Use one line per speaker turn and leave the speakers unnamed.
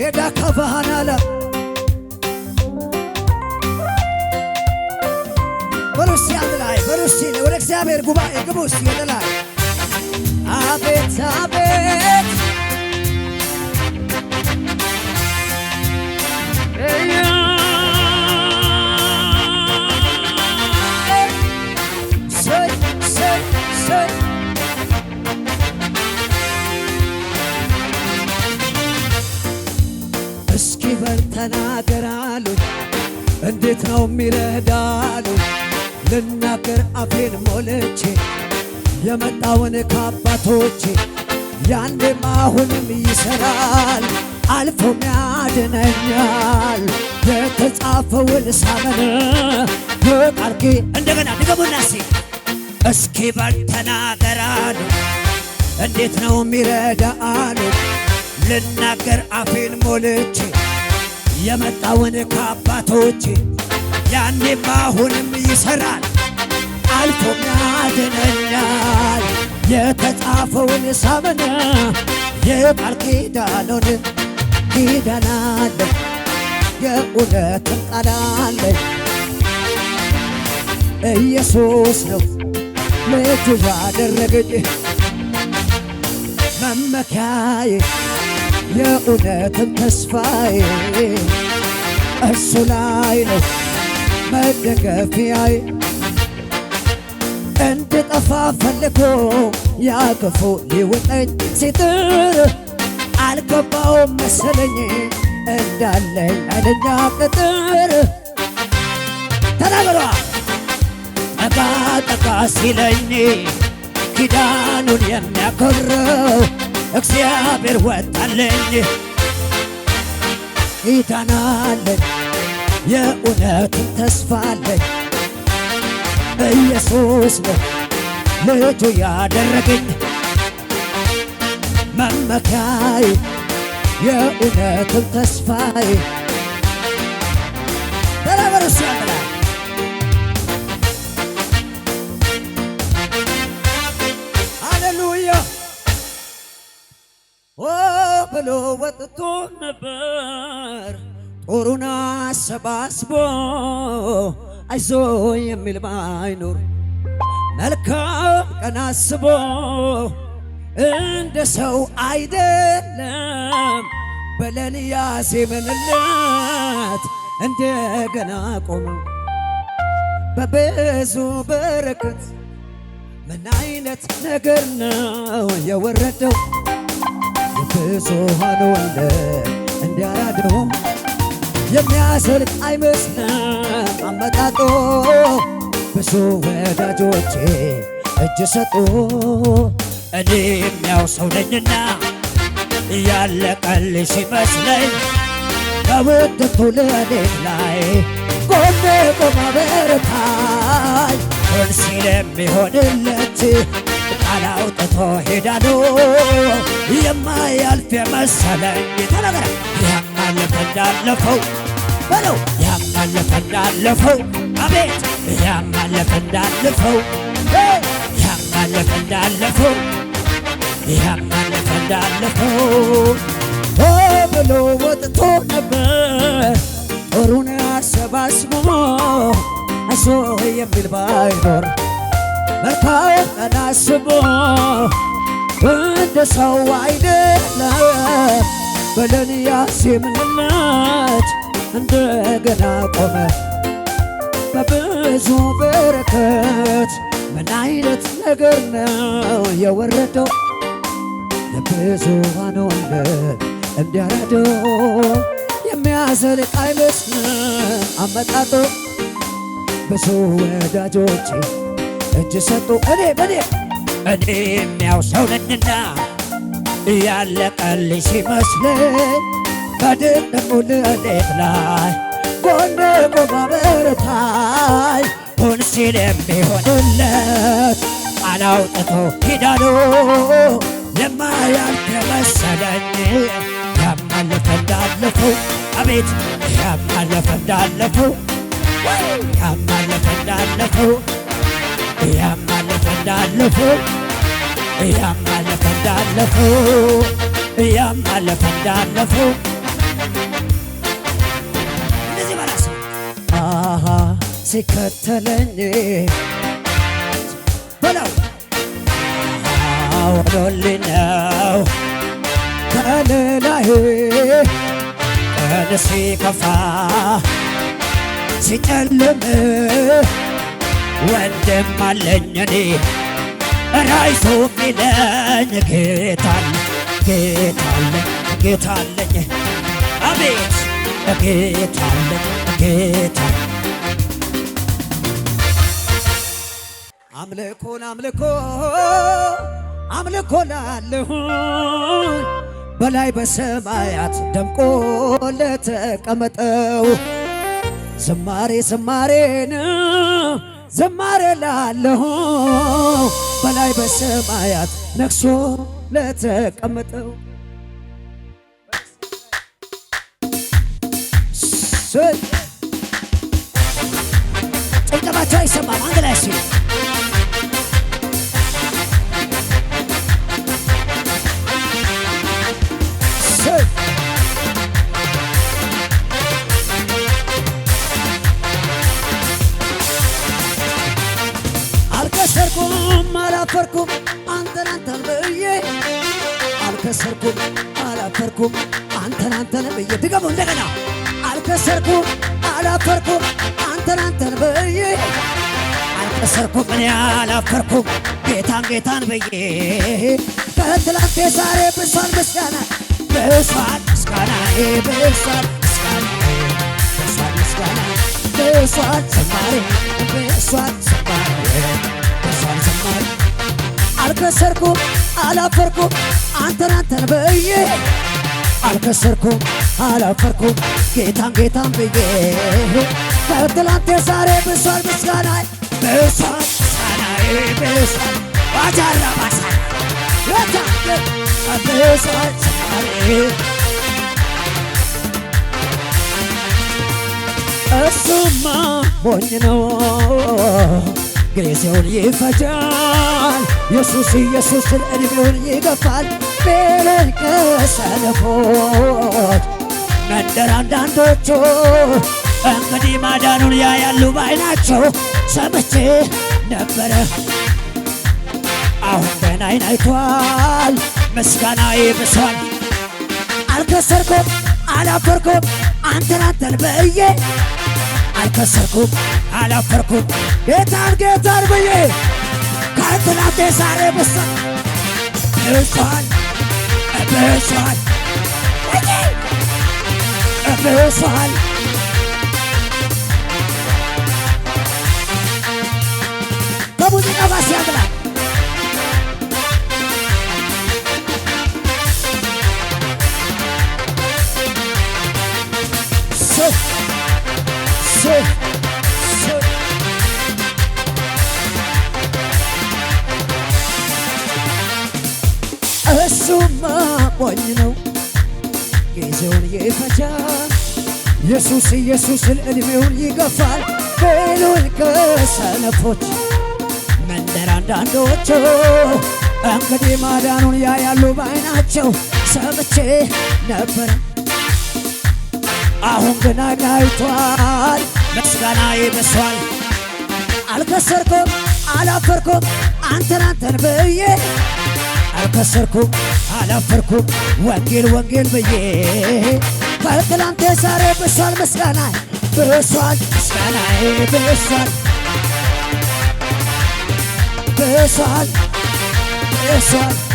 ሄዳ ካባሃን አለ በሩሲ አንድ ላይ ወደ እግዚአብሔር ጉባኤ ግቡ እስኪ አቤት አቤት እንዴት ነው የሚረዳል ልናገር አፌን ሞልቼ የመጣውን ከአባቶቼ ያኔም አሁንም ይሰራል አልፎም ያድነኛል የተጻፈውን ሳመን የቃል እንደገና ድገሙና ሴ እስኪ በል ተናገራል እንዴት ነው የሚረዳል ልናገር አፌን ሞልቼ የመጣውን ከአባቶች ያኔም አሁንም ይሰራል፣ አልፎም ያድነኛል። የተጻፈውን ሳመነ የቃል ኪዳኑን ኪዳናለ የእውነትን ቃላለ ኢየሱስ ነው ልጁ ያደረገኝ መመኪያዬ የእውነትም ተስፋዬ እሱ ላይ ነው መደገፊያዬ። እንድጠፋ ፈልጎ ያክፉ ሊውጠኝ ሲጥር አልገባውም መሰለኝ እንዳለኝ አይለኛ ቅጥር ተናግሯ ጠጋ ጠጋ ሲለኝ ኪዳኑን የሚያከብረው እግዚአብሔር ወጣልኝ ይዳናለኝ የእውነትን ተስፋለኝ ኢየሱስ ነው ልጁ ያደረገኝ መመካዬ የእውነትን ተስፋዬ ብሎ ወጥቶ ነበር ጦሩን አሰባስቦ አይዞ የሚል ባይኖር መልካም ቀን አስቦ እንደ ሰው አይደለም በለል ያዜመንለት እንደገና ቆሙ በብዙ በረከት ምን አይነት ነገር ነው የወረደው? ንጹሐን ወልደ እንዲያያድኖ የሚያስርቅ አይመስልም አመጣጦ ብዙ ወዳጆቼ እጅ ሰጡ። እኔ የሚያው ሰው ነኝና እያለቀልኝ ሲመስለኝ በውጥቱ ለእኔም ላይ ጎኔ ቆማ በርታይ እንሲል የሚሆንለት ቃል አውጥቶ ሄዳሉ የማያልፍ የመሰለኝ ጌታ ነገር እንዳለፈው በለው ያለፈ እንዳለፈው አቤት ያለፈ እንዳለፈው ያለፈ እንዳለፈው ያለፈ እንዳለፈው ብሎ ወጥቶ ነበር ጦሩን አሰባስቦ እሱ የሚል ባይኖር መታወቅን አስቦ እንደ ሰው አይደለም በለን ያሴምንለት እንደገና ቆመ በብዙ በረከት ምን አይነት ነገር ነው የወረደው ለብዙሃን ወንደ እንዲያረደው የሚያዘልቅ አይመስልም አመጣጡ ብዙ ወዳጆቼ እጅ ሰጡ እኔ በኔ እኔም ያው ሰው ነኝና እያለቀልኝ ሲመስለኝ በድቅሙ ሌሊት ላይ ጎኔ ቆማ ሁን ሲል የሚሆንለት ቃል አውጥቶ ኪዳኑ ለማ ያማለፈ እንዳለፈው አቤት ያማለፈ እንዳለፈው ያማለፈ እንዳለፈው እያም አለፈ እንዳለፈው እያም አለፈ እንዳለፈው እያም አለፈ እንዳለፈው እንደዚህ በላስ አሃ ሲከተለኝ በለው አውሎልኝ ነው ቀን ሲከፋ ሲጨልም ወንድም አለኝ እኔ ራይሱ ሚለኝ ጌታል ጌታለኝ ጌታለኝ አቤት ጌታለኝ ጌታ አምልኮን አምልኮ አምልኮ ላለሁ በላይ በሰማያት ደምቆ ለተቀመጠው ዝማሬ ዝማሬን ዝማሬ ላለሁ በላይ በሰማያት ነግሶ ለተቀመጠው ጭብጨባቸው አይሰማም አንድ ላይ አልከሰርኩም አላፈርኩም አንተን አንተን ብዬ አልከሰርኩም አላፈርኩም አንተን አንተን ብዬ ድገሙ እንደገና አልከሰርኩም አላፈርኩም አንተን አንተን ብዬ አልከሰርኩም እኔ አላፈርኩም ጌታን ጌታን ብዬ ከትላንቴ ዛሬ ምስጋና ብሷል ምስጋና ብሷል ምስጋና ብሷል ምስጋና ብሷል ዝማሬ ብሷል ዝማሬ አልከሰርኩ አላፈርኩ አንተን አንተን ብዬ አልከሰርኩ አላፈርኩ ጌታን ጌታን ብዬ ከትላንት ዛሬ ብሷል ምስጋናዬ ብሷል ምስጋናዬ እሱማ ሞኝ ነው ግሬሴውን ይፈጃል ኢየሱስ ኢየሱስን እድሜውን ይገፋል ቤለቀ ሰለፎት መንደር አንዳንዶቹ እንግዲህ ማዳኑን ያያሉ ባይናቸው ሰምቼ ነበረ አሁን በናይን አይቷል ምስጋና ይብሷል አልከሰርኩም አላፈርኩም አንተን አንተን በእዬ አልከሰርኩም፣ አላፈርኩም ጌታን ጌታን ብዬ ከትላንቴ ዛሬ ብሳ ብሷል ብሷል ብሷል ከሙዚቃ ባስ ያግላል እሱማ ሞኝ ነው ጊዜውን ይፈጃል ኢየሱስ ኢየሱስን እድሜውን ይገፋል በሉን ከሰነፎች መንደር አንዳንዶቹ እንግዲህ ማዳኑን ያያሉ ባይናቸው ሰምቼ ነበረ አሁን ግን አይቷል ምስጋና ይበሷል አልከሰርኩም አላፈርኩም አንተን አንተን ብዬ አልከሰርኩም አላፈርኩ ወንጌል ወንጌል ብዬ ከትላንቴ ዛሬ ብሷል ምስጋና ብሷል ምስጋና ብሷል ብሷል ብሷል